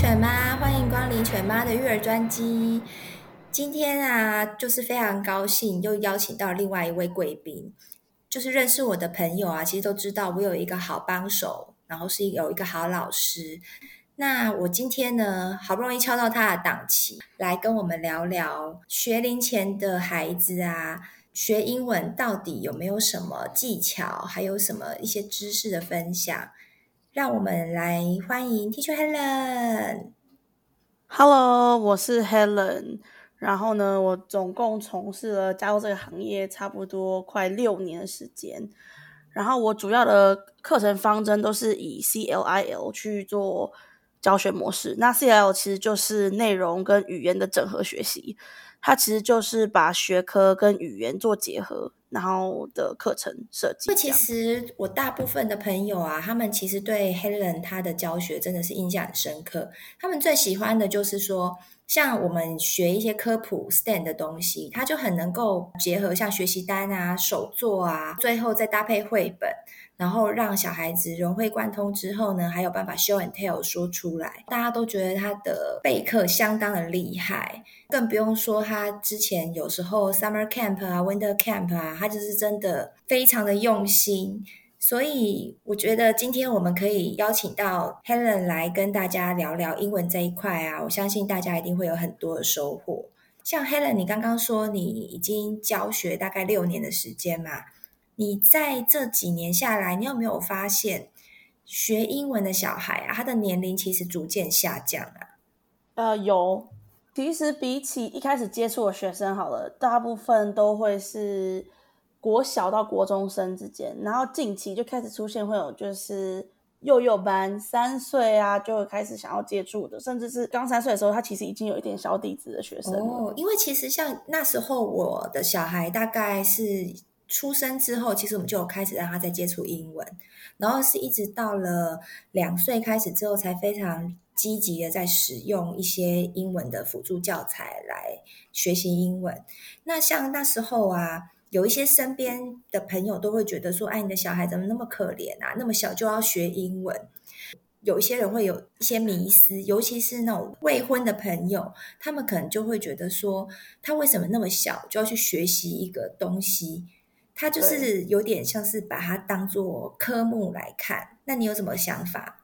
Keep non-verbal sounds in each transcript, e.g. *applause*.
犬媽，歡迎光臨犬媽的育兒專機。今天啊，就是非常高興又邀請到另外一位貴賓，就是認識我的朋友啊，其實都知道我有一個好幫手，然後是有一個好老師。那我今天呢，好不容易敲到他的檔期，來跟我們聊聊學齡前的孩子啊，學英文到底有沒有什麼技巧，還有什麼一些知識的分享。讓我們來歡迎 Teacher Helen。Hello，我是 Helen。然後呢，我總共從事了加入這個行業差不多快六年的時間。然後我主要的課程方針都是以 CLIL 去做教學模式。那 CLIL 其實就是內容跟語言的整合學習。它其實就是把學科跟語言做結合，然後的課程設計。那其實我大部分的朋友啊，他們其實對 Helen 她的教學真的是印象很深刻。他們最喜歡的就是說，像我們學一些科普 stand 的東西，他就很能夠結合像學習單啊、手作啊，最後再搭配繪本。然後讓小孩子融會貫通之後呢，還有辦法 show and tell 說出來，大家都覺得他的備課相當的厲害，更不用說他之前有時候 summer camp 啊，winter camp 啊，他就是真的非常的用心。所以我覺得今天我們可以邀請到 Helen 來跟大家聊聊英文這一塊啊，我相信大家一定會有很多的收穫。像 Helen，你剛剛說你已經教學大概六年的時間嘛？你在這幾年下來，你有沒有發現學英文的小孩啊？他的年齡其實逐漸下降啊。呃，有。其實比起一開始接觸的學生好了，大部分都會是國小到國中生之間。然後近期就開始出現會有就是幼幼班三歲啊，就會開始想要接觸的，甚至是剛三歲的時候，他其實已經有一點小底子的學生哦。因為其實像那時候我的小孩大概是。出生之後，其實我們就有開始讓他在接觸英文，然後是一直到了兩歲開始之後，才非常積極的在使用一些英文的輔助教材來學習英文。那像那時候啊，有一些身邊的朋友都會覺得說：“哎，你的小孩怎麼那麼可憐啊？那麼小就要學英文？”有一些人會有一些迷思，尤其是那種未婚的朋友，他們可能就會覺得說：“他為什麼那麼小就要去學習一個東西？”他就是有點像是把它當做科目來看，那你有什麼想法？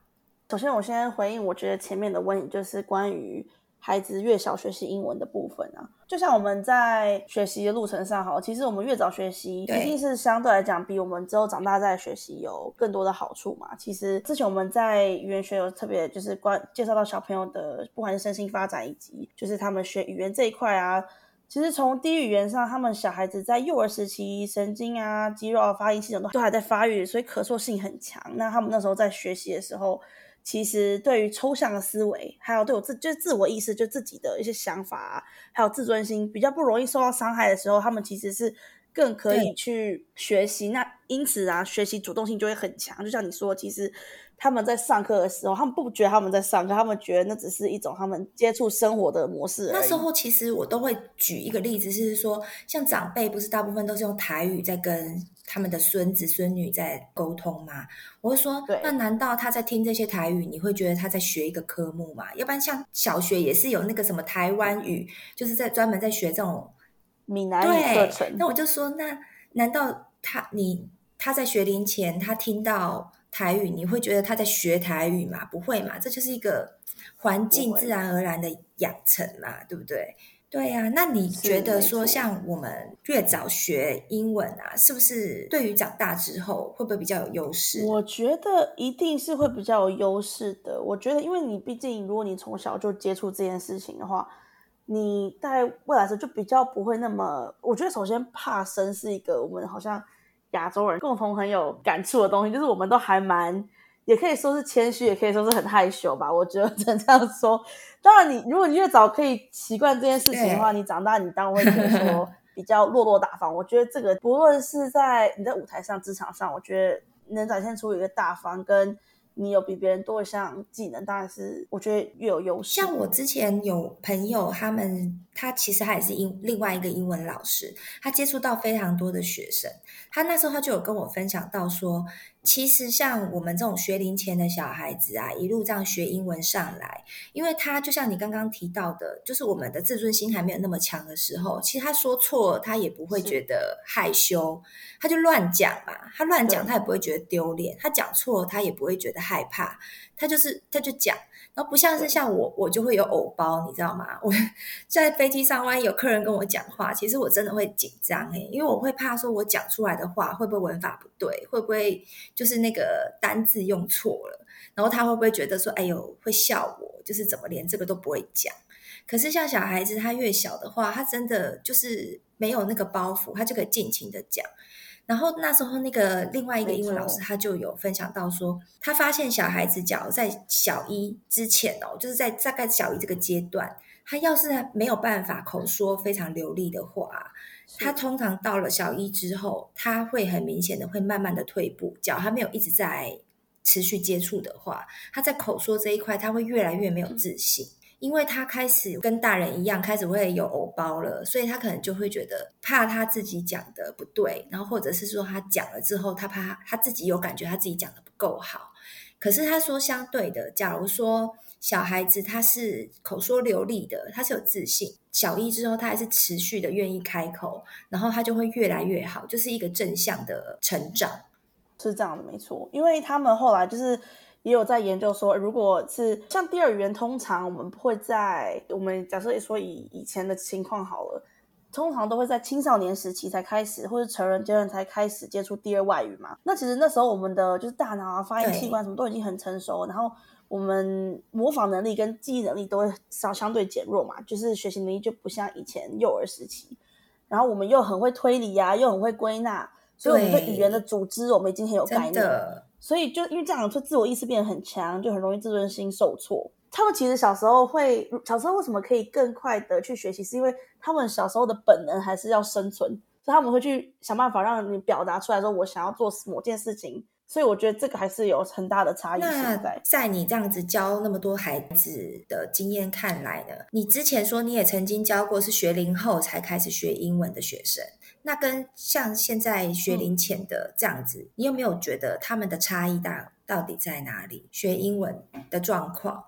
首先，我先回應，我覺得前面的問題就是關於孩子越小學習英文的部分啊。就像我們在學習的路程上，好，其實我們越早學習，一定是相對來講比我們之後長大再學習有更多的好處嘛。其實之前我們在語言學有特別就是關介紹到小朋友的，不管是身心發展以及就是他們學語言這一塊啊。其實從低語言上，他們小孩子在幼兒時期，神經啊、肌肉啊、發音系統都都還在發育，所以可塑性很強。那他們那時候在學習的時候，其實對於抽象的思維，還有對我自就是自我意識，就是自己的一些想法啊，還有自尊心比較不容易受到傷害的時候，他們其實是更可以去學習。那因此啊，學習主動性就會很強。就像你說，其實。他們在上課的時候，他們不覺得他們在上課，他們覺得那只是一種他們接觸生活的模式。那時候其實我都會舉一個例子，是說像長輩不是大部分都是用台語在跟他們的孫子孫女在溝通嗎？我就說，那難道他在聽這些台語，你會覺得他在學一個科目嗎？要不然像小學也是有那個什麼台灣語、嗯，就是在專門在學這種閩南語課程。那我就說，那難道他你他在學齡前他聽到？台語，你會覺得他在學台語嘛？不會嘛？這就是一個環境自然而然的養成嘛，對不對？對呀。那你覺得說像我們越早學英文啊，是不是對於長大之後會不會比較有優勢？我覺得一定是會比較有優勢的。我覺得，因為你畢竟如果你從小就接觸這件事情的話，你在未來時候就比較不會那麼……我覺得首先怕生是一個我們好像。亞洲人共同很有感觸的東西，就是我們都還蠻，也可以說是謙虛，也可以說是很害羞吧。我覺得只能這樣說。當然你，你如果你越早可以習慣這件事情的話，你長大你當然會覺得說比較落落大方。我覺得這個不論是在你在舞台上、職場上，我覺得能展現出一個大方跟。你有比別人多一項技能，當然是我覺得越有優勢。像我之前有朋友，他們他其實他也是英另外一個英文老師，他接觸到非常多的學生，他那時候他就有跟我分享到說。其實像我們這種學齡前的小孩子啊，一路這樣學英文上來，因為他就像你剛剛提到的，就是我們的自尊心還沒有那麼強的時候，其實他說錯了他也不會覺得害羞，他就亂講嘛，他亂講他也不會覺得丟臉，他講錯了他也不會覺得害怕，他就是他就講。那不像是像我，我就會有偶包，你知道嗎？我在飛機上，萬一有客人跟我講話，其實我真的會緊張誒、欸，因為我會怕說，我講出來的話會不會文法不對，會不會就是那個單字用錯了，然後他會不會覺得說，哎呦，會笑我，就是怎麼連這個都不會講。可是像小孩子，他越小的話，他真的就是沒有那個包袱，他就可以盡情的講。然後那時候那個另外一個英文老師他就有分享到說，他發現小孩子假如在小一之前哦，就是在大概小一這個階段，他要是沒有辦法口說非常流利的話，他通常到了小一之後，他會很明顯的會慢慢的退步。假如他沒有一直在持續接觸的話，他在口說這一塊他會越來越沒有自信。因為他開始跟大人一樣，開始會有偶包了，所以他可能就會覺得怕他自己講的不對，然後或者是說他講了之後，他怕他自己有感覺他自己講的不夠好。可是他說，相對的，假如說小孩子他是口說流利的，他是有自信，小一之後他還是持續的願意開口，然後他就會越來越好，就是一個正向的成長，是這樣的，沒錯。因為他們後來就是。也有在研究說，如果是像第二語言，通常我們不會在我們假設也說以，以前的情況好了，通常都會在青少年時期才開始，或者成人階段才開始接觸第二外語嘛。那其實那時候我們的就是大腦啊、發音器官什麼都已經很成熟，然後我們模仿能力跟記憶能力都會稍相對減弱嘛，就是學習能力就不像以前幼兒時期。然後我們又很會推理呀、啊，又很會歸納，所以我們對語言的組織我們已經很有概念。所以就因為這樣，就自我意識變得很強，就很容易自尊心受挫。他們其實小時候會，小時候為什麼可以更快的去學習，是因為他們小時候的本能還是要生存，所以他們會去想辦法讓你表達出來，說我想要做某件事情。所以我覺得這個還是有很大的差異。現在，那在你這樣子教那麼多孩子的經驗看來呢？你之前說你也曾經教過是學齡後才開始學英文的學生。那跟像現在學齡前的這樣子、嗯，你有沒有覺得他們的差異大到底在哪裡？學英文的狀況，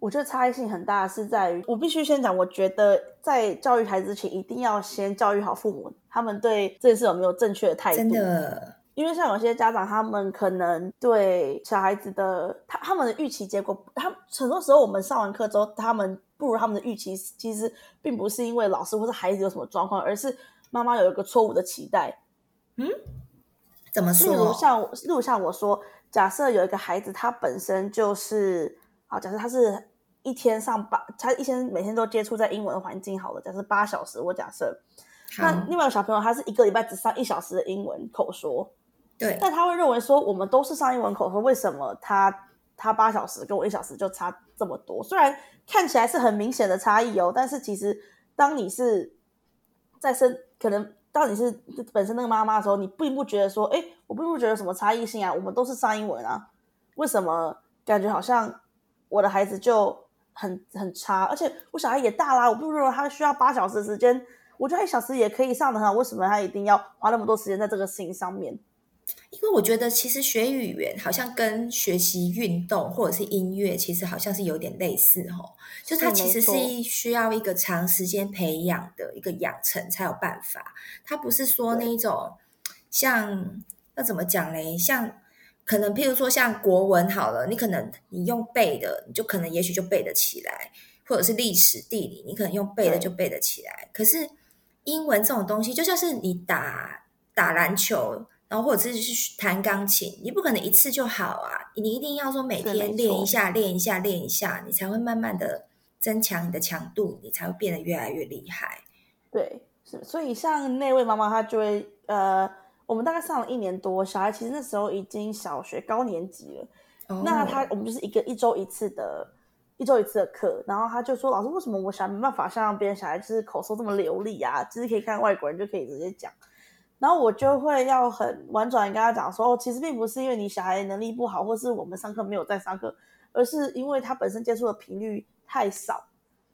我覺得差異性很大，是在於我必須先講，我覺得在教育孩子之前，一定要先教育好父母，他們對這件事有沒有正確的態度？真的，因為像有些家長，他們可能對小孩子的他他們的預期結果，他很多時候我們上完課之後，他們不如他們的預期，其實並不是因為老師或者孩子有什麼狀況，而是。媽媽有一個錯誤的期待，嗯，怎麼說？如像，例如像我說，假設有一個孩子，他本身就是，好，假設他是一天上八，他一天每天都接觸在英文環境，好了，假設八小時。我假設，那另外有小朋友他是一個禮拜只上一小時的英文口說，對，但他會認為說，我們都是上英文口說，為什麼他他八小時跟我一小時就差這麼多？雖然看起來是很明顯的差異哦，但是其實當你是在生。可能當你是本身那個媽媽的時候，你並不覺得說，哎，我並不覺得什麼差異性啊，我們都是上英文啊，為什麼感覺好像我的孩子就很很差，而且我小孩也大啦，啊，我不是說他需要八小時時間，我覺得一小時也可以上得很好，為什麼他一定要花那麼多時間在這個事情上面？因為我覺得其實學語言好像跟學習運動或者是音樂，其實好像是有點類似吼、哦，就是它其實是需要一個長時間培養的一個養成才有辦法。它不是說那種像那怎麼講嘞？像可能譬如說像國文好了，你可能你用背的，你就可能也許就背得起來；或者是歷史地理，你可能用背的就背得起來。可是英文這種東西，就像是你打打籃球。然後或者自己去彈鋼琴，你不可能一次就好啊！你一定要說每天練一下，練一下，練一下，你才會慢慢的增強你的強度，你才會變得越來越厲害。對，是，所以像那位媽媽，她就會，呃，我們大概上了一年多，小孩其實那時候已經小學高年級了。Oh, 那他、嗯，我們就是一個一周一次的一周一次的課，然後他就說：“老師，為什麼我小孩沒辦法像別人小孩，就是口說這麼流利啊？就是可以看外國人就可以直接講。”然後我就會要很婉轉跟他講說，哦，其實並不是因為你小孩能力不好，或是我們上課沒有在上課，而是因為他本身接觸的頻率太少，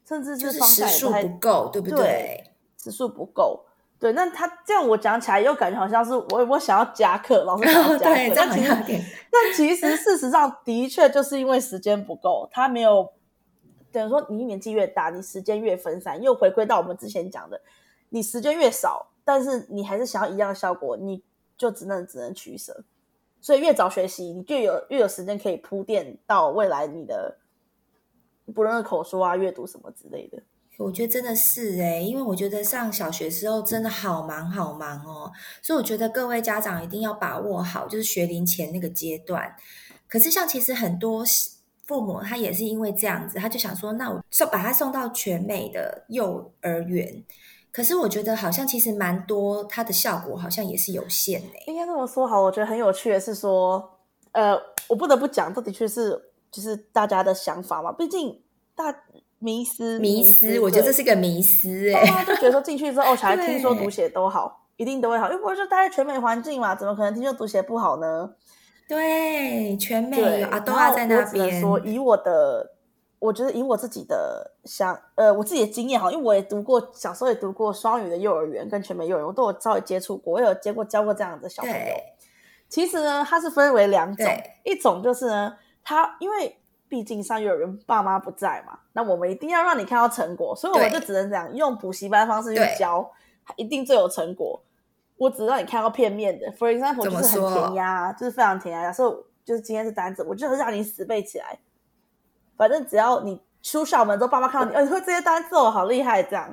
甚至是雙也不、就是、時數不夠。對，對不對？時數不夠，對。那他這樣我講起來又感覺好像是我我想要加課，老師想要加課，那 *laughs* 其實事實上的確就是因為時間不夠，他沒有。等於說，你年紀越大，你時間越分散，又回歸到我們之前講的，你時間越少。但是你還是想要一樣的效果，你就只能只能取捨。所以越早學習，你就有越有時間可以鋪墊到未來你的，不論是口說啊、閱讀什麼之類的。我覺得真的是、欸、因為我覺得上小學時候真的好忙好忙哦，所以我覺得各位家長一定要把握好，就是學齡前那個階段。可是像其實很多父母他也是因為這樣子，他就想說，那我把他送到全美的幼兒園。可是我覺得好像其實蠻多，它的效果好像也是有限的、欸。應該這麼說好，我覺得很有趣的是說，呃，我不得不講，這的確是就是大家的想法嘛。畢竟大迷思，迷思，我覺得這是一個迷思哎、欸，就覺得說進去之後哦，小孩聽說讀寫都好，一定都會好，又不是說待在全美環境嘛，怎麼可能聽說讀寫不好呢？對，全美啊，都在那邊。我說，以我的。我覺得以我自己的想，呃，我自己的經驗哈，因為我也讀過，小時候也讀過雙語的幼兒園跟全美幼兒園，我都有稍微接觸過，我也有接過教過這樣子的小朋友。其實呢，它是分為兩種，一種就是呢，它因為畢竟上幼兒園爸媽不在嘛，那我們一定要讓你看到成果，所以我就只能講用補習班的方式去教，一定最有成果。我只讓你看到片面的，for example，就是很填鴨，就是非常填鴨。假設就是今天是單字，我就是讓你死背起來。反正只要你出校門，都爸爸媽看到你，哎、嗯哦，你會這些單字哦，好厲害！這樣，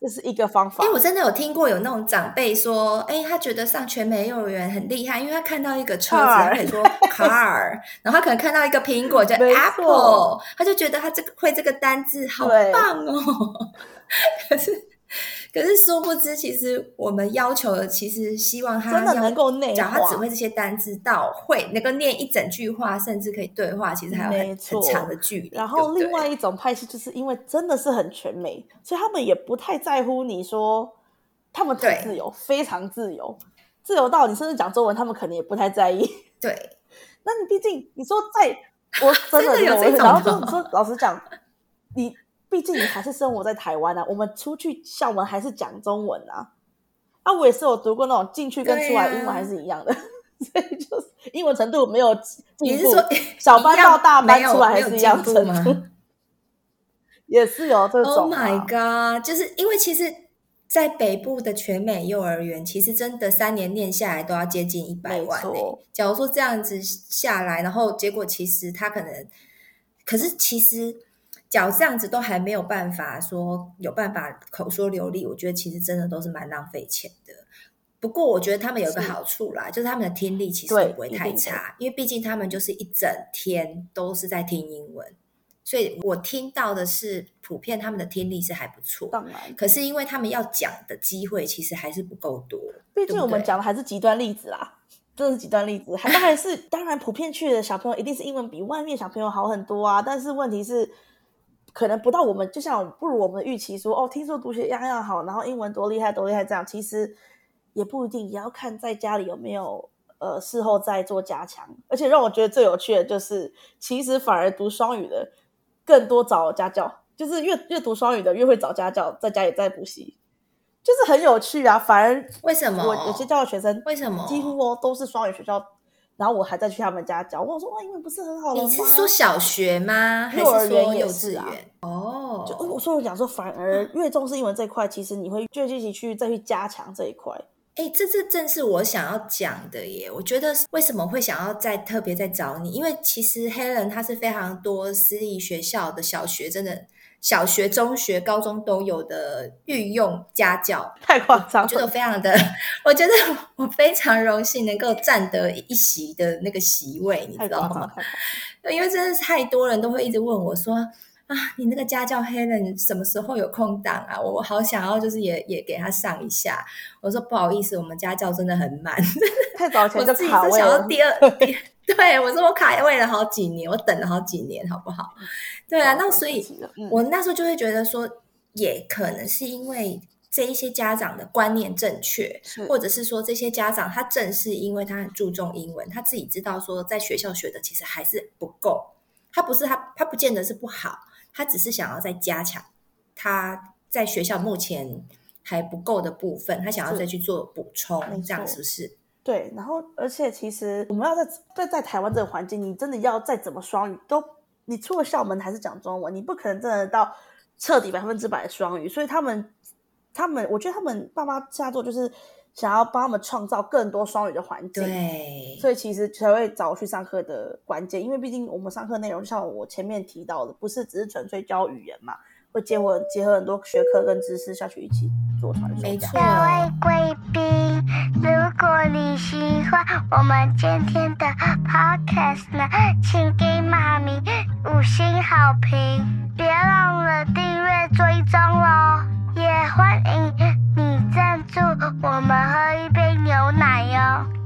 這、就是一個方法。因、欸、為我真的有聽過有那種長輩說，哎、欸，他覺得上全美幼兒園很厲害，因為他看到一個車子，car, 他可以說 car， *laughs* 然後他可能看到一個蘋果叫 apple，他就覺得他這個會這個單字好棒哦。 *laughs* 可是。可是，殊不知，其實我們要求的，其實希望他真的能夠內化。他只會這些單字，到會能夠念一整句話，甚至可以對話，其實還有很長的距離。然後，另外一種派系，就是因為真的是很全美，所以他們也不太在乎你說他們自由。對，非常自由，自由到你甚至講中文，他們可能也不太在意。對，那你畢竟你說在，我真的 *laughs* 有，然後說老實講， *laughs* 你。畢竟你還是生活在台灣啊， *laughs* 我們出去校門還是講中文啊！啊，我也是有讀過那種進去跟出來英文還是一樣的，啊、 *laughs* 所以就是英文程度沒有進步。你是說小班到大班出來還是一樣程度嗎？ *laughs* 也是有這種、啊。Oh my god！就是因為其實，在北部的全美幼兒園，其實真的三年念下來都要接近一百萬、欸。沒錯。假如說這樣子下來，然後結果其實他可能，可是其實。腳這樣子都還沒有辦法說有辦法口說流利，我覺得其實真的都是蠻浪費錢的。不過我覺得他們有個好處啦，就是他們的聽力其實不會太差，因為畢竟他們就是一整天都是在聽英文，所以我聽到的是普遍他們的聽力是還不錯。當然，可是因為他們要講的機會其實還是不夠多，畢竟我們講的還是極端例子啦，這是極端例子。還還 *laughs* 當然，是當然，普遍去的小朋友一定是英文比外面小朋友好很多啊，但是問題是。可能不到我們，就像不如我們的預期說哦，聽說讀寫樣樣好，然後英文多厲害多厲害這樣，其實也不一定，也要看在家裡有沒有呃事後再做加強。而且讓我覺得最有趣的，就是其實反而讀雙語的更多找家教，就是越越讀雙語的越會找家教，在家也在補習，就是很有趣啊。反而為什麼我有些教的學生為什麼幾乎哦，都是雙語學校？然後我還在去他們家講，我，我說哇，英文不是很好的嗎？你是說小學嗎？還是說幼稚園有？哦、oh.，我說我講說，反而越重視英文這一塊、嗯，其實你會越積極去再去加強這一塊。哎、欸，這這正是我想要講的耶。我覺得為什麼會想要再特別再找你？因為其實 Helen 他是非常多私立學校的小學，真的。小學、中學、高中都有的御用家教，太誇張了！我覺得我非常的，我覺得我非常榮幸能夠占得一席的那個席位，你知道嗎？因為真的太多人都會一直問我說：“啊，你那個家教 Helen 什麼時候有空檔啊？我好想要，就是也也給他上一下。”我說：“不好意思，我們家教真的很滿，太早前就卡位了，我就自己在想要第二。對”對，我說我卡位了好幾年，我等了好幾年，好不好？對啊，哦，那所以，我那時候就會覺得說，也可能是因為這一些家長的觀念正確，或者是說這些家長他正是因為他很注重英文，他自己知道說在學校學的其實還是不夠，他不是他他不見得是不好，他只是想要再加強他在學校目前還不夠的部分，他想要再去做補充，這樣是不是？對，然後而且其實我們要在在在台灣這個環境，你真的要再怎麼雙語都。你出了校門還是講中文，你不可能真的到徹底百分之百雙語，所以他們，他們，我覺得他們爸媽這樣做就是想要幫他們創造更多雙語的環境，對，所以其實才會找我去上課的關鍵，因為畢竟我們上課內容像我前面提到的，不是只是純粹教語言嘛。會見合結合很多學科跟知識下去一起做傳輸。沒錯哦。各位貴賓，如果你喜歡我們今天的 podcast 呢，請給媽咪五星好評，別忘了訂閱追蹤哦，也歡迎你贊助我們喝一杯牛奶喲、哦。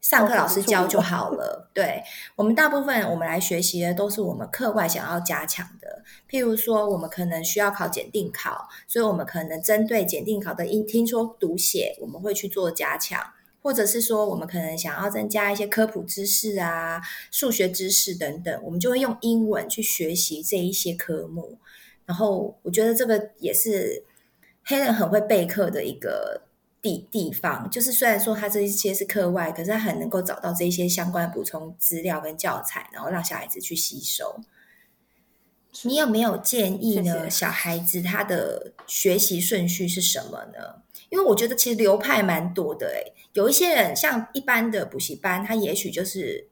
上課老師教就好了。對。我們大部分我們來學習的都是我們課外想要加強的，譬如說我們可能需要考檢定考，所以我們可能針對檢定考的音，聽說讀寫，我們會去做加強，或者是說我們可能想要增加一些科普知識啊、數學知識等等，我們就會用英文去學習這一些科目。然後我覺得這個也是 Helen 很會備課的一個。地地方就是，雖然說他這一些是課外，可是他很能夠找到這一些相關的補充資料跟教材，然後讓小孩子去吸收。你有沒有建議呢？謝謝。小孩子他的學習順序是什麼呢？因為我覺得其實流派蠻多的誒，有一些人像一般的補習班，他也許就是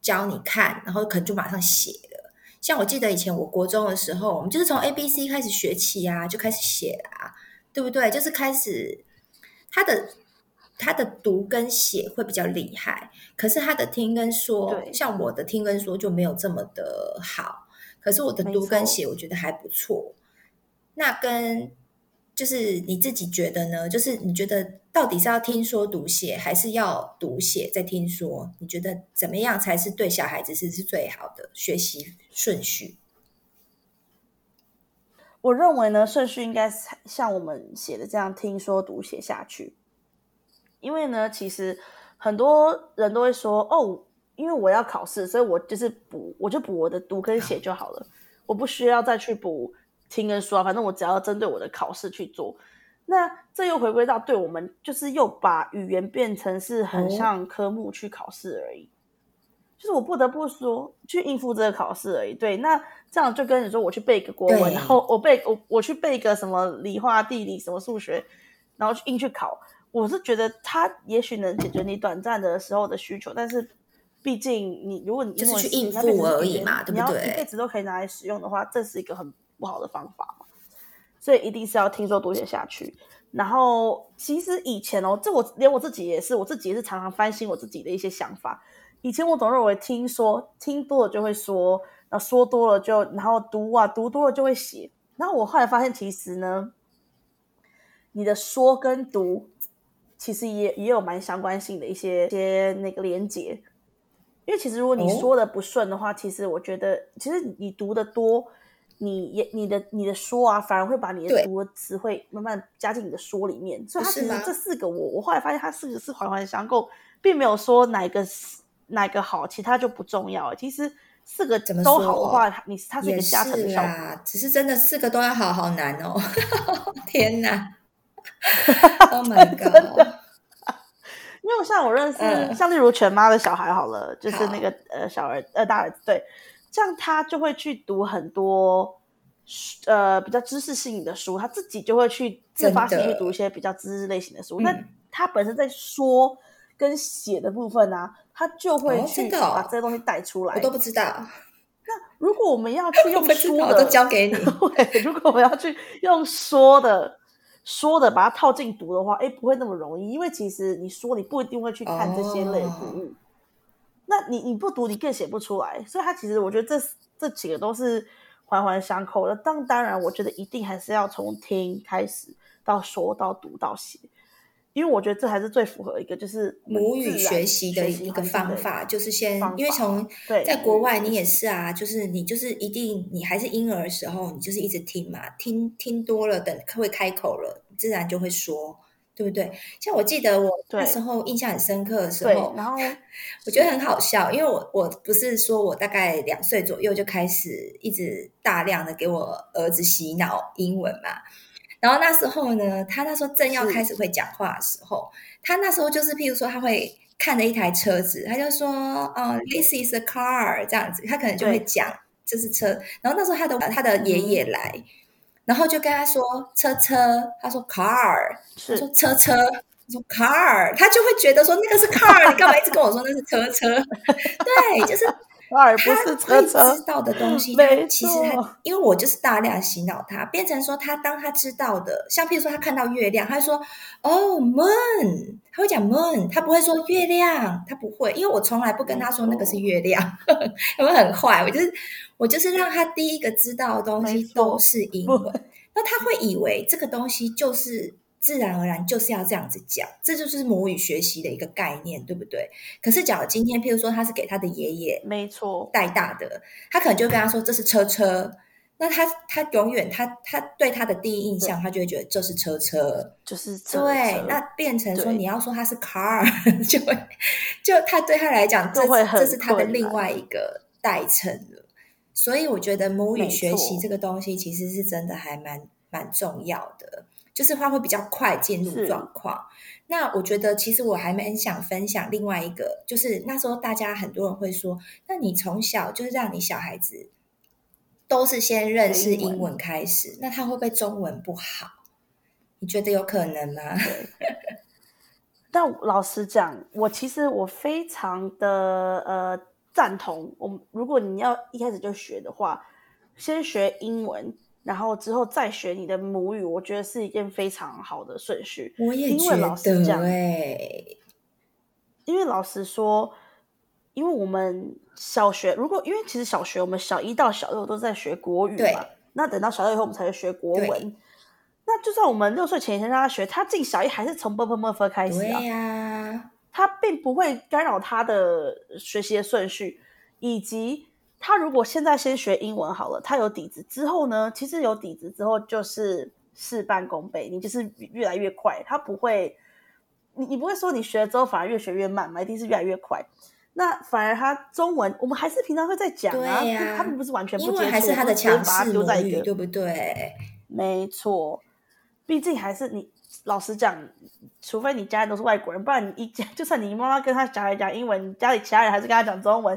教你看，然後可能就馬上寫了。像我記得以前我國中的時候，我們就是從 A B C 開始學起啊，就開始寫啊，對不對？就是開始。他的他的讀跟寫會比較厲害，可是他的聽跟說，像我的聽跟說就沒有這麼的好。可是我的讀跟寫，我覺得還不錯。那跟就是你自己覺得呢？就是你覺得到底是要聽說讀寫，還是要讀寫再聽說？你覺得怎麼樣才是對小孩子是是最好的學習順序？我認為呢，順序應該是像我們寫的這樣，聽說讀寫下去。因為呢，其實很多人都會說，哦，因為我要考試，所以我就是補，我就補我的讀跟寫就好了，我不需要再去補聽跟說啊，反正我只要針對我的考試去做。那這又回歸到，對，我們就是又把語言變成是很像科目去考試而已。哦就是我不得不說，去應付這個考試而已。對，那這樣就跟你說，我去背一個國文，然後我背我我去背一個什麼理化、地理、什麼數學，然後去應去考。我是覺得它也許能解決你短暫的時候的需求，但是畢竟你如果你就是去應付而已嘛，對不對？你要一輩子都可以拿來使用的話，這是一個很不好的方法嘛。所以一定是要聽說讀寫下去。然後其實以前哦，這我連我自己也是，我自己也是常常翻新我自己的一些想法。以前我總認為聽說，聽多了就會說，然後說多了就，然後讀啊讀多了就會寫，然後我後來發現其實呢，你的說跟讀其實也也有蠻相關性的一些一些那個連結，因為其實如果你說的不順的話、哦，其實我覺得其實你讀的多，你也你的你的說啊反而會把你的讀的詞彙慢慢加進你的說裡面，所以他其實這四個我我後來發現他四個是環環相扣，並沒有說哪個是。哪一個好，其他就不重要。其實四個都好的話，他你他是一個加成的小是只是真的四個都要好好難哦， *laughs* 天哪，真 *laughs* 的、oh my God。 *laughs* 因為像我認識，呃、像例如全媽的小孩好了，就是那個呃小兒呃大兒子對，這樣他就會去讀很多呃比較知識性的書，他自己就會去自發性去讀一些比較知識類型的書，那他本身在說。跟寫的部分啊，他就會去把這些東西帶出來，哦哦。我都不知道。那如果我們要去用說的， *laughs* 我都交給你。 *laughs* *laughs* 如果我們要去用說的說的把它套進讀的話，哎、欸，不會那麼容易，因為其實你說你不一定會去看這些類讀物。嗯、哦、嗯。那你你不讀，你更寫不出來。所以，他其實我覺得這這幾個都是環環相扣的。但當然，我覺得一定還是要從聽開始，到說到讀到寫。因為我覺得這還是最符合一個，就是母語學習的一個方法，就是先，因為從在國外你也是啊，就是你就是一定你還是嬰兒的時候，你就是一直聽嘛，聽聽多了，等會開口了，自然就會說，對不對？像我記得我那時候印象很深刻的時候，然後呢，我覺得很好笑，因為我我不是說我大概兩歲左右就開始一直大量的給我兒子洗腦英文嘛。然後那時候呢，他那時候正要開始會講話的時候，他那時候就是，譬如說他會看着一台車子，他就說：“嗯，oh, this is a car，這樣子。”他可能就會講這是車。然後那時候他的他的爺爺來，然後就跟他說：“車車。”他說：“car。”說：“車車。”說：“car。”他就會覺得說那個是 car， *laughs* 你幹嘛一直跟我說那是車車？ *laughs* *laughs* 對，就是。他最知道的東西，他其實他，因為我就是大量洗腦他，變成說他當他知道的，像譬如說他看到月亮，他就說“哦，oh，moon”，他會講 “moon”，他不會說“月亮”，他不會，因為我從來不跟他說那個是月亮，呵呵，有沒有 *laughs* 很壞？我就是我就是讓他第一個知道的東西都是英文，那他會以為這個東西就是。自然而然就是要這樣子講，這就是母語學習的一個概念，對不對？可是，假如今天，譬如說他是給他的爺爺沒錯帶大的，他可能就跟他說這是車車，那他他永遠他他對他的第一印象，他就會覺得這是車車，就是車車對。那變成說你要說他是 car， *laughs* 就會就他對他來講，這是這是他的另外一個代稱了。所以，我覺得母語學習這個東西其實是真的還蠻蠻重要的。就是話會比較快進入狀況。那我覺得，其實我還蠻想分享另外一個，就是那時候大家很多人會說：“那你從小就是讓你小孩子都是先認識英文開始，那他會不會中文不好？”你覺得有可能嗎？ *laughs* 但老實講，我其實我非常的呃贊同。我如果你要一開始就學的話，先學英文。然後之後再學你的母語，我覺得是一件非常好的順序。我也覺得，因為老師講對，因為老師說，因為我們小學如果因為其實小學我們小一到小六都在學國語嘛，對，那等到小六以後我們才會學國文。那就算我們六歲前先讓他學，他進小一還是從 ㄅㄆㄇㄈ 開始啊，對啊，他並不會干擾他的學習的順序以及。他如果現在先學英文好了，他有底子之後呢，其實有底子之後就是事半功倍，你就是越來越快，他不會，你你不會說你學了之後反而越學越慢嘛，一定是越來越快。那反而他中文，我們還是平常會在講啊，啊他們不是完全不接觸，還是他的強勢母語，他把他丟在一個對不對？沒錯，畢竟還是你老實講，除非你家人都是外國人，不然你一家就算你媽媽跟他講一講英文，你家裡其他人還是跟他講中文。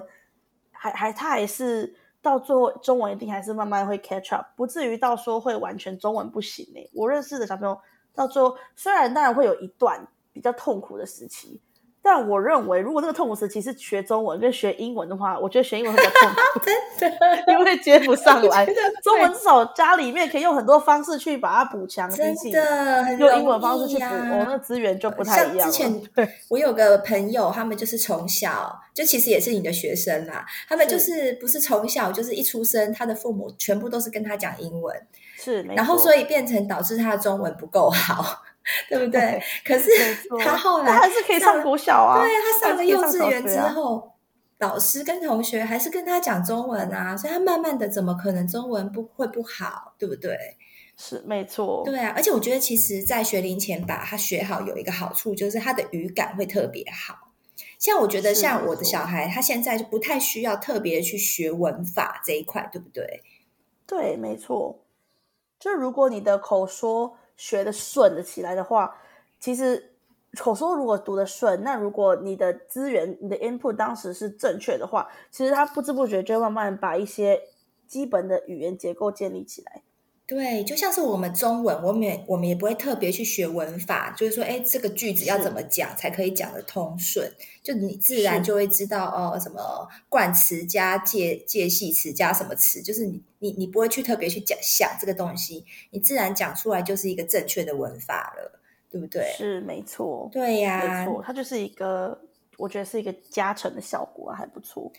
還還他還是到最後中文一定還是慢慢會 catch up，不至於到說會完全中文不行欸。我認識的小朋友到最後雖然當然會有一段比較痛苦的時期。但我認為，如果那個痛苦時期，是學中文跟學英文的話，我覺得學英文很比較痛苦， *laughs* 真的 *laughs* 因為接不上來。中文至少家裡面可以用很多方式去把它補強，真的很、啊，用英文方式去補，我、哦、資源就不太一樣了。像之前，對，我有個朋友，他們就是從小就其實也是你的學生啦，他們就是不是從小就是一出生，他的父母全部都是跟他講英文，是沒？然後所以變成導致他的中文不夠好。對 *laughs* 不對？可是他後來他還是可以上國小啊。對啊，他上了幼稚園之後、啊，老師跟同學還是跟他講中文啊，所以他慢慢的，怎麼可能中文不會不好？對不對？是，沒錯。對啊，而且我覺得，其實，在學齡前把他學好，有一個好處就是他的語感會特別好。像我覺得，像我的小孩，他現在就不太需要特別去學文法這一塊，對不對？對，沒錯。就如果你的口說。學的順的起來的話，其實，我說如果讀的順，那如果你的資源、你的 input 當時是正確的話，其實他不知不覺就會慢慢把一些基本的語言結構建立起來。對，就像是我們中文，我們也，我們也不會特別去學文法，就是說，哎，這個句子要怎麼講才可以講得通順，就你自然就會知道哦，什麼冠詞加介介系詞加什麼詞，就是你你你不會去特別去講想這個東西，你自然講出來就是一個正確的文法了，對不對？是，沒錯。對呀，啊，沒錯，它就是一個，我覺得是一個加成的效果，還不錯。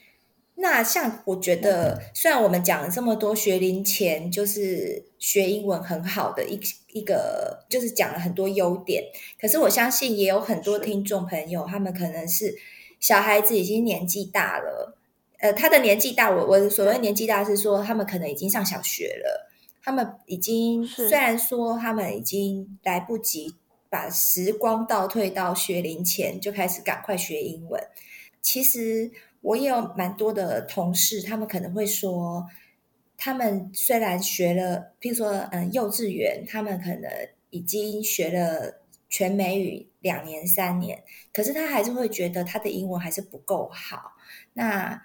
那像我覺得，雖然我們講了這麼多學齡前就是學英文很好的一一個，就是講了很多優點，可是我相信也有很多聽眾朋友，他們可能是小孩子已經年紀大了，呃，他的年紀大，我我所謂年紀大是說他們可能已經上小學了，他們已經雖然說他們已經來不及把時光倒退到學齡前就開始趕快學英文，其實。我也有蠻多的同事，他們可能會說，他們雖然學了，譬如說，嗯，幼稚園，他們可能已經學了全美語兩年、三年，可是他還是會覺得他的英文還是不夠好。那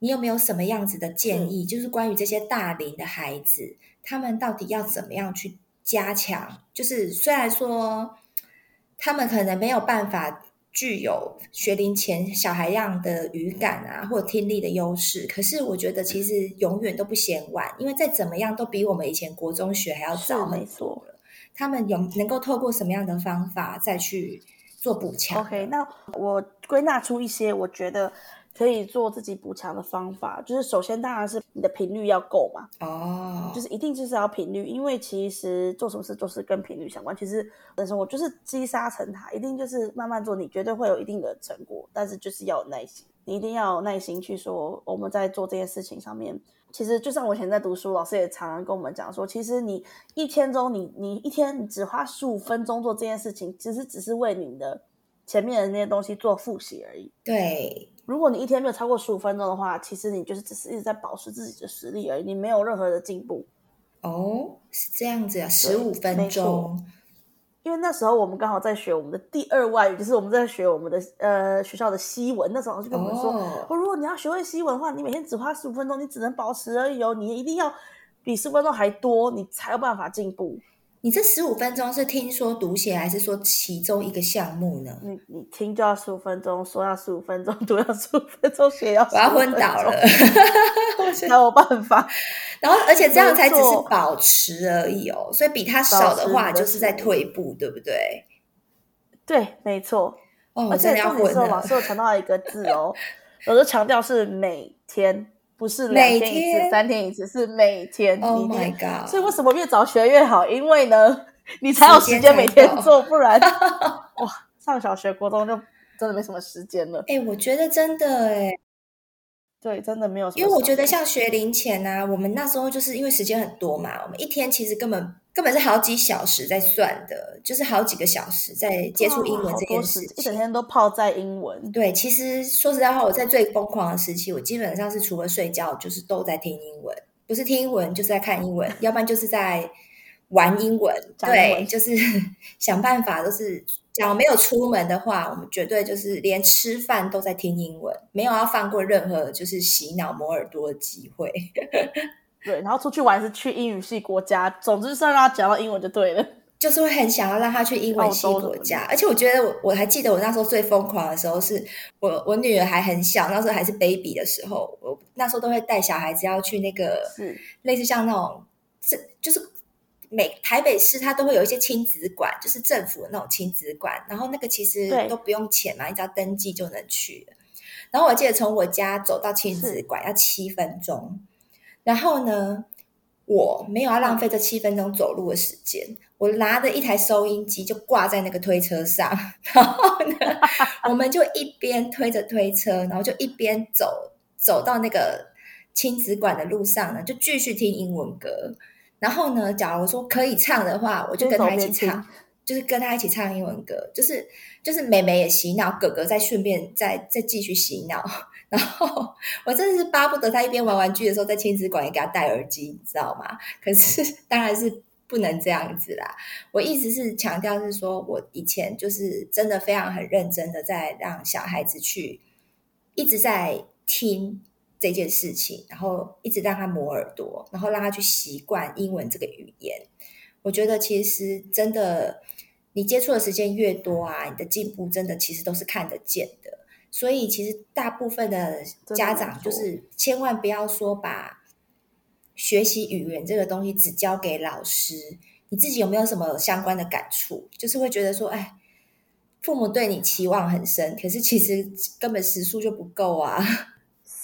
你有沒有什麼樣子的建議？嗯。就是關於這些大齡的孩子，他們到底要怎麼樣去加強？就是雖然說，他們可能沒有辦法。具有學齡前小孩樣的語感啊，或聽力的優勢。可是我覺得其實永遠都不嫌晚，因為再怎麼樣都比我們以前國中學還要早。沒錯，他們有能夠透過什麼樣的方法再去做補強？OK，那我歸納出一些我覺得。可以做自己補強的方法，就是首先當然是你的頻率要夠嘛。哦、oh. 嗯，就是一定就是要頻率，因為其實做什麼事都是跟頻率相關。其實人生我就是積沙成塔，一定就是慢慢做你，你絕對會有一定的成果，但是就是要有耐心，你一定要有耐心去說我們在做這件事情上面。其實就像我以前在讀書，老師也常常跟我們講說，其實你一天中你你一天只花十五分鐘做這件事情，其實只是為你的前面的那些東西做複習而已。對。如果你一天沒有超過十五分鐘的話，其實你就是只是一直在保持自己的實力而已，你沒有任何的進步。哦，是這樣子呀？啊，十五分鐘。因為那時候我們剛好在學我們的第二外語，就是我們在學我們的呃學校的西文。那時候就跟我們說，哦，如果你要學會西文的話，你每天只花十五分鐘，你只能保持而已哦。你也一定要比十五分鐘還多，你才有辦法進步。你這十五分鐘是聽說讀寫，還是說其中一個項目呢？你你聽就要十五分鐘，說要十五分鐘，讀要十五分鐘，寫要十五分鐘。我要昏倒了，沒 *laughs* 有辦法。啊、然後，而且這樣才只是保持而已哦，啊、所以比他少的話，就是在退步，對不對？對，沒錯。哦，而且做的要了時候，老師有強調一個字哦， *laughs* 我都強調是每天。不是兩天一次天，三天一次是每天，一天。Oh my god！所以為什麼越早學越好？因為呢，你才有時間每天做，不然 *laughs* 哇，上小學、國中，就真的沒什麼時間了。哎、欸，我覺得真的哎、欸。對，真的沒有。因為我覺得像學齡前啊，我們那時候就是因為時間很多嘛，我們一天其實根本根本是好幾小時在算的，就是好幾個小時在接觸英文這件事，啊，一整天都泡在英文。對，其實說實在話，我在最瘋狂的時期，我基本上是除了睡覺，就是都在聽英文，不是聽英文，就是在看英文， *laughs* 要不然就是在玩英文。英文。對，就是想辦法都是。只要沒有出門的話，我們絕對就是連吃飯都在聽英文，沒有要放過任何就是洗腦磨耳朵的機會。 *laughs* 對，然後出去玩是去英語系國家，總之是讓他講到英文就對了。就是會很想要讓他去英文系國家，而且我覺得我我還記得我那時候最瘋狂的時候是，是我我女兒還很小，那時候還是 baby 的時候，我那時候都會帶小孩子要去那個是類似像那種是就是。每台北市，它都會有一些親子館，就是政府的那種親子館。然後那個其實都不用錢嘛，只要登記就能去。然後我記得從我家走到親子館要七分鐘。然後呢，我沒有要浪費這七分鐘走路的時間，嗯、我拿着一台收音機就掛在那個推車上。然後呢， *laughs* 我們就一邊推着推車，然後就一邊走，走到那個親子館的路上呢，就繼續聽英文歌。然後呢，假如說可以唱的話，我就跟他一起唱，就是跟他一起唱英文歌，就是就是妹妹也洗腦，哥哥再順便再再繼續洗腦。然後我真的是巴不得他一邊玩玩具的時候，在親子館也給他戴耳機，你知道嗎？可是當然是不能這樣子啦。我一直是強調是說，我以前就是真的非常很認真的在讓小孩子去一直在聽這件事情，然後一直讓他磨耳朵，然後讓他去習慣英文這個語言。我覺得其實真的，你接觸的時間越多啊，你的進步真的其實都是看得見的。所以其實大部分的家長就是千萬不要說把學習語言這個東西只教給老師。你自己有沒有什麼相關的感觸？就是會覺得說，哎，父母對你期望很深，可是其實根本時數就不夠啊。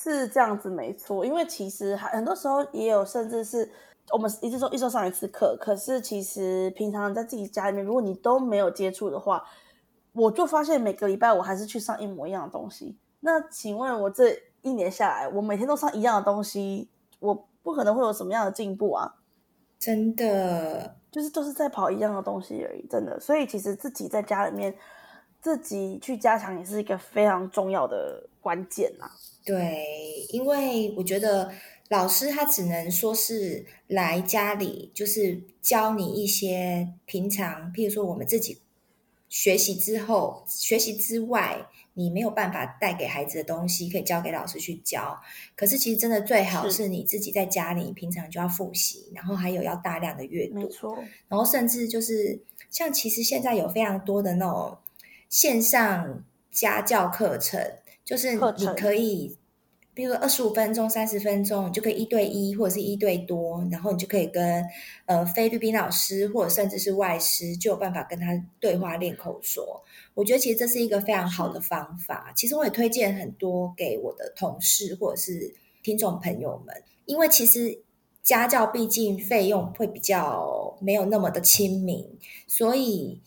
是這樣子沒錯，因為其實還很多時候也有，甚至是我們一直說一周上一次課，可是其實平常在自己家裡面，如果你都沒有接觸的話，我就發現每個禮拜我還是去上一模一樣的東西。那請問，我這一年下來，我每天都上一樣的東西，我不可能會有什麼樣的進步啊？真的就是都是在跑一樣的東西而已，真的。所以其實自己在家裡面自己去加強，也是一個非常重要的。關鍵啦，對，因為我覺得老師他只能說是來家裡，就是教你一些平常，譬如說我們自己學習之後，學習之外，你沒有辦法帶給孩子的東西，可以交給老師去教。可是其實真的最好是你自己在家裡平常就要復習，然後還有要大量的閱讀，沒錯。然後甚至就是像其實現在有非常多的那種線上家教課程。就是你可以，比如說二十五分鐘、三十分鐘，你就可以一對一或者是一對多，然後你就可以跟呃菲律賓老師或者甚至是外師就有辦法跟他對話練口說。我覺得其實這是一個非常好的方法，其實我也推薦很多給我的同事或者是聽眾朋友們，因為其實家教畢竟費用會比較沒有那麼的親民，所以。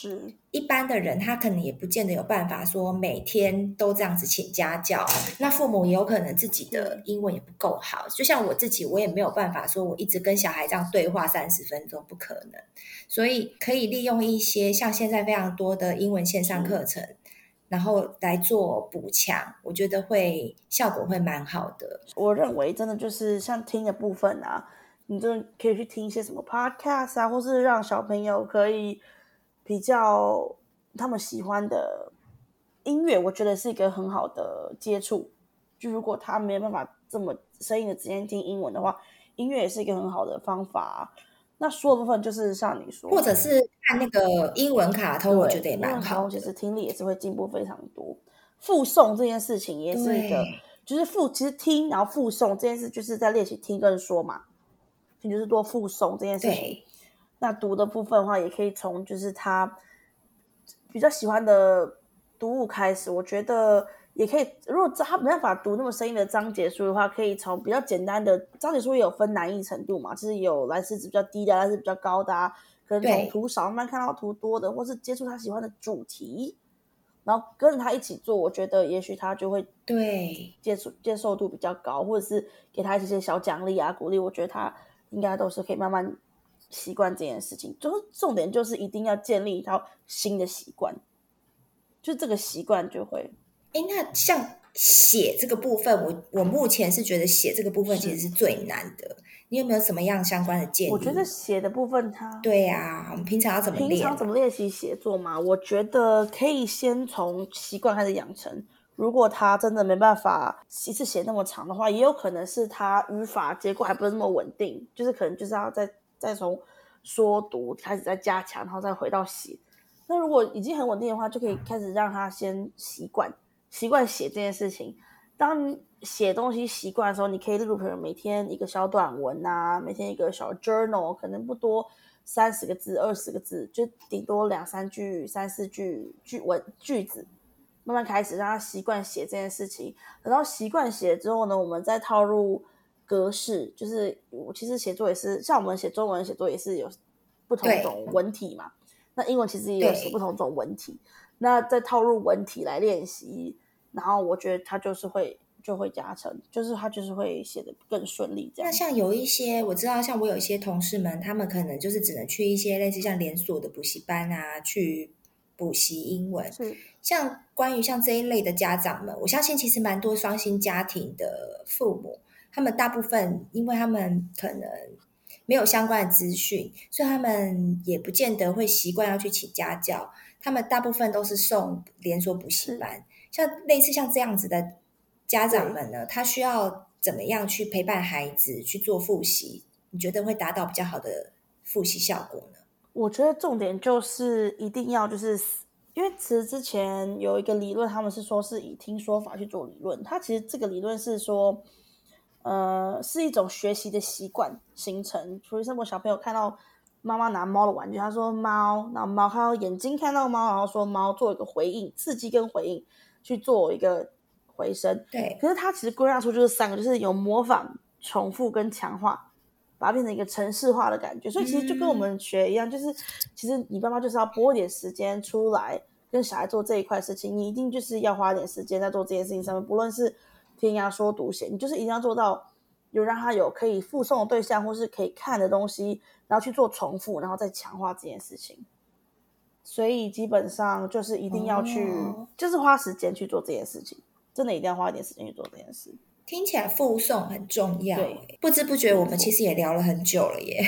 是一般的人，他可能也不見得有辦法說每天都這樣子請家教。那父母也有可能自己的英文也不夠好，就像我自己，我也沒有辦法說我一直跟小孩這樣對話三十分鐘，不可能。所以可以利用一些像現在非常多的英文線上課程，嗯，然後來做補強，我覺得會效果會蠻好的。我認為真的就是像聽的部分啊，你就可以去聽一些什麼 Podcast 啊，或是讓小朋友可以。比較他們喜歡的音樂，我覺得是一個很好的接觸。就如果他沒有辦法這麼生硬的直接聽英文的話，音樂也是一個很好的方法。那說的部分就是像你說，或者是看那個英文卡通，我覺得也蠻好。其實聽力也是會進步非常多。複誦這件事情也是一個，就是複其實聽然後複誦這件事就，就是在練習聽跟個人說嘛。你就是多複誦這件事情。那讀的部分的話，也可以從就是他比較喜歡的讀物開始。我覺得也可以，如果他沒辦法讀那麼深意的章節書的話，可以從比較簡單的章節書，也有分難易程度嘛，就是有藍思值比較低的，還是比較高的、啊，可能從圖少慢慢看到圖多的，或是接觸他喜歡的主題，然後跟着他一起做，我覺得也許他就會對接觸、對接受度比較高，或者是給他一些小獎勵啊鼓勵，我覺得他應該都是可以慢慢。習慣這件事情，就是重點，就是一定要建立一套新的習慣，就是這個習慣就會。哎，那像寫這個部分，我我目前是覺得寫這個部分其實是最難的。你有沒有什麼樣相關的建議？我覺得寫的部分，它，對呀、啊，我們平常要怎麼練、啊、平常怎麼練習寫作嘛？我覺得可以先從習慣開始養成。如果他真的沒辦法一次寫那麼長的話，也有可能是他語法結構還不是那麼穩定，就是可能就是要在。再從說讀開始再加強，然後再回到寫。那如果已經很穩定的話，就可以開始讓他先習慣習慣寫這件事情。當你寫東西習慣的時候，你可以例如比如每天一個小短文啊，每天一個小 journal，可能不多，三十個字、二十個字，就頂多兩三句、三四句句文句子，慢慢開始讓他習慣寫這件事情。等到習慣寫之後呢，我們再套入。格式就是，我其實寫作也是像我們寫中文寫作也是有不同種文體嘛。那英文其實也有不同種文體。那再套入文體來練習，然後我覺得它就是會就會加成，就是它就是會寫得更順利。這樣。那像有一些我知道，像我有一些同事們，他們可能就是只能去一些類似像連鎖的補習班啊，去補習英文。是像關於像這一類的家長們，我相信其實蠻多雙薪家庭的父母。他們大部分，因為他們可能沒有相關的資訊，所以他們也不見得會習慣要去請家教。他們大部分都是送連鎖補習班，像類似像這樣子的家長們呢，他需要怎麼樣去陪伴孩子去做複習？你覺得會達到比較好的複習效果呢？我覺得重點就是一定要，就是因為其實之前有一個理論，他們是說是以聽說法去做理論。他其實這個理論是說。呃，是一種學習的習慣形成。比如說我小朋友看到媽媽拿貓的玩具，他說“貓”，然後貓還有眼睛，看到貓，然後說“貓”，做一個回應，刺激跟回應去做一個回聲。對。可是他其實歸納出就是三個，就是有模仿、重複跟強化，把它變成一個程式化的感覺。所以其實就跟我們學一樣，嗯、就是其實你爸媽就是要撥點時間出來跟小孩做這一塊事情，你一定就是要花點時間在做這件事情上面，不論是。聽說讀寫你就是一定要做到有讓他有可以複誦的對象，或是可以看的東西，然後去做重複，然後再強化這件事情。所以基本上就是一定要去，嗯、就是花時間去做這件事情，真的一定要花一點時間去做這件事。聽起來複誦很重要。嗯、對，不知不覺我們其實也聊了很久了耶，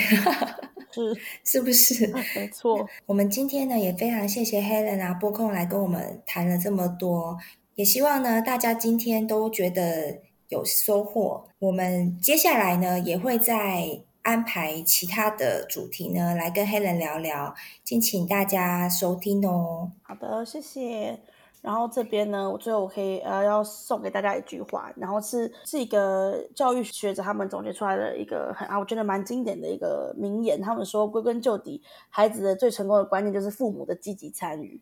嗯、 *laughs* 是是不是？啊、沒錯。 *laughs* 我們今天呢，也非常謝謝 Helen 啊撥空來跟我們談了這麼多。也希望呢，大家今天都覺得有收穫。我們接下來呢，也會再安排其他的主題呢，來跟 Helen 聊聊，敬請大家收聽哦。好的，謝謝。然後這邊呢，我最後我可以呃，要送給大家一句話，然後是是一個教育學者他們總結出來的一個很啊，我覺得蠻經典的一個名言。他們說，歸根究底，孩子的最成功的觀念就是父母的積極參與。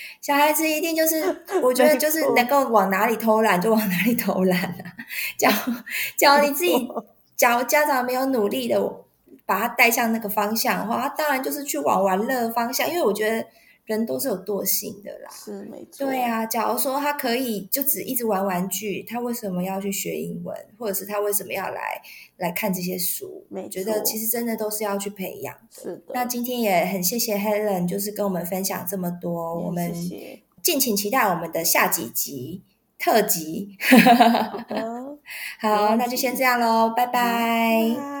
小孩子一定就是，我覺得就是能夠往哪裡偷懶就往哪裡偷懶啦。假如假如你自己，假如家長沒有努力的把他帶向那個方向的話，他當然就是去往玩樂方向。因為我覺得。人都是有惰性的啦，是沒錯。對啊，假如說他可以就只一直玩玩具，他為什麼要去學英文，或者是他為什麼要來來看這些書？沒錯，覺得其實真的都是要去培養。是的，那今天也很謝謝 Helen，就是跟我們分享這麼多。謝謝。我們敬請期待我們的下幾集特輯。 *laughs* *laughs* 好，那就先這樣嘍，拜、嗯、拜。Bye bye bye